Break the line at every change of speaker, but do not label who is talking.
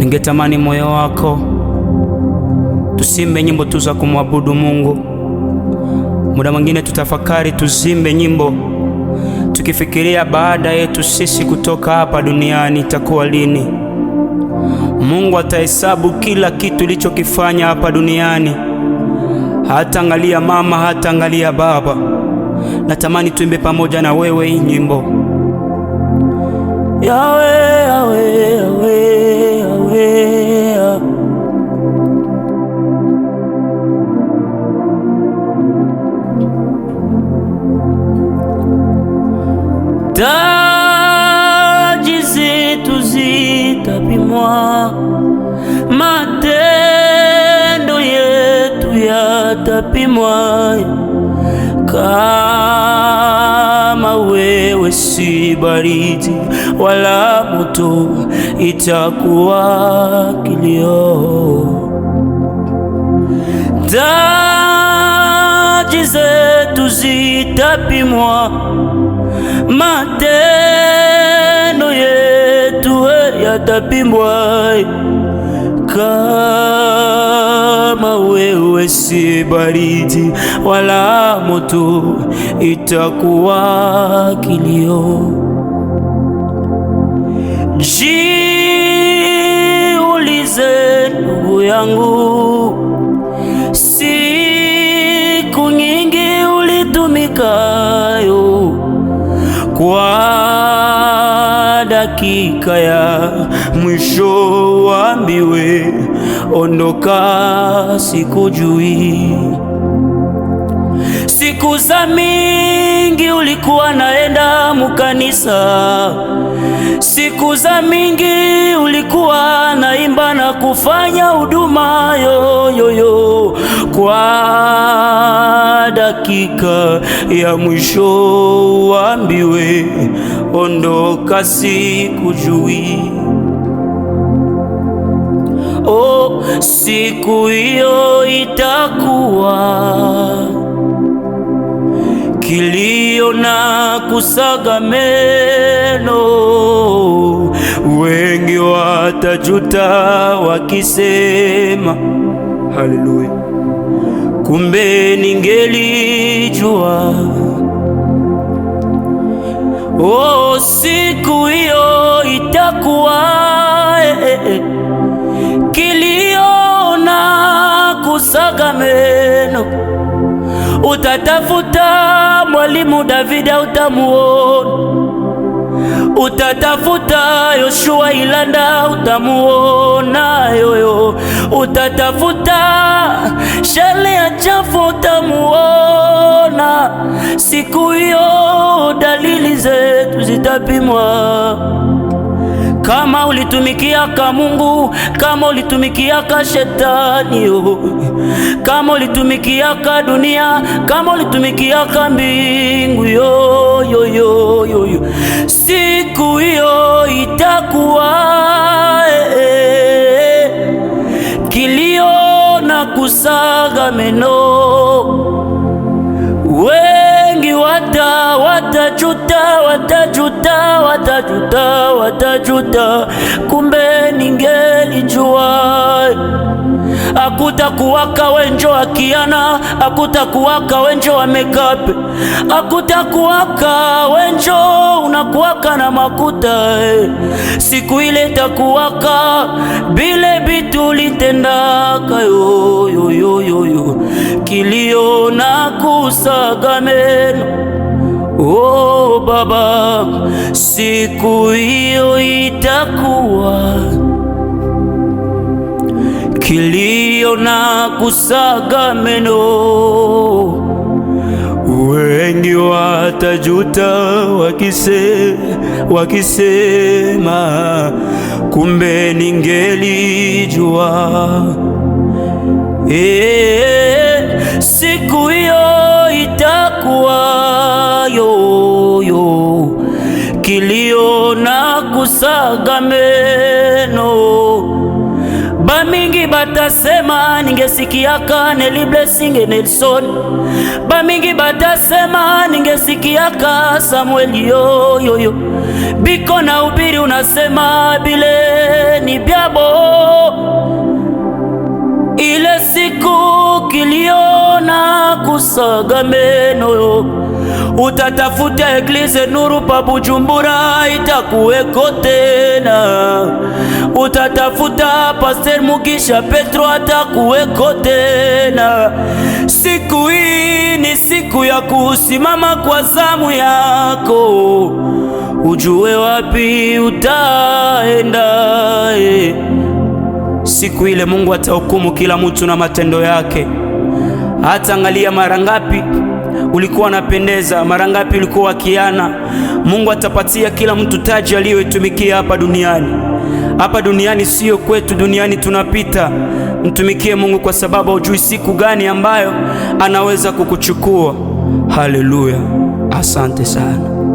Ningetamani moyo wako tusimbe nyimbo tu za kumwabudu Mungu. Muda mwingine tutafakari, tuzimbe nyimbo tukifikiria baada yetu sisi kutoka hapa duniani itakuwa lini. Mungu atahesabu kila kitu ulichokifanya hapa duniani, hataangalia mama, hataangalia baba. Natamani tuimbe pamoja na wewe hii nyimbo yawe, yawe, yawe. yeah. Tajizi tuzitapimwa, matendo yetu yatapimwa kama we wewe si baridi wala moto, itakuwa kilio. Taji zetu zitapimwa, matendo yetu yatapimwa si baridi wala moto, itakuwa kilio. Jiulize ndugu yangu, siku nyingi ulitumikayo kwa dakika ya mwisho, wambiwe ondoka, sikujui. Siku za mingi ulikuwa naenda mukanisa, siku za mingi ulikuwa naimba na kufanya huduma yoyoyo kwa dakika ya mwisho uambiwe ondoka, sikujui oh, siku hiyo itakuwa kilio na kusaga meno, wengi watajuta wakisema haleluya, kumbe ningelijua. Oh, siku hiyo itakuwa Utatafuta mwalimu au utamuona, utatafuta Yoshua Ilanda utamuona yoyo, utatafuta ya chafu utamuona. Siku hiyo dalili zetu zitapimwa. Kama ka Mungu, kama ka shetani, oh. kama ka dunia, kama ka mbingu yo, yo, yo, yo, yo. Siku hiyo itakuwa eh, eh, kilio na kusaga meno watajuta, watajuta, watajuta, watajuta, watajuta, kumbe ningelijua akutakuwaka wenjo akiana, akutakuwaka wenjo wamekape, akutakuwaka wenjo unakuwaka na makuta eh. Siku ile takuwaka bile bitu litendaka yoyoyoyo, kilio na kusaga meno O Baba, siku hiyo itakuwa kilio na kusaga meno. Wengi watajuta wakise, wakisema kumbe ningelijua. E, siku hiyo magameno bamingi batasema ningesikiaka Nelly Blessing Nelson, bamingi batasema ningesikiaka Samuel yoyoyo biko na ubiri unasema bile ni byabo. Ile siku kilio na kusaga meno utatafuta Eglise Nuru pa Bujumbura, itakuweko tena. Utatafuta Pastor Mugisha Petro, atakuweko tena. Siku hii ni siku ya kusimama kwa zamu yako, ujue wapi utaenda. Siku ile Mungu atahukumu kila mtu na matendo yake. Hata angalia mara ngapi ulikuwa unapendeza, mara ngapi ulikuwa akiana. Mungu atapatia kila mtu taji aliyoitumikia hapa duniani. Hapa duniani siyo kwetu, duniani tunapita. Mtumikie Mungu kwa sababu hujui siku gani ambayo anaweza kukuchukua.
Haleluya, asante sana.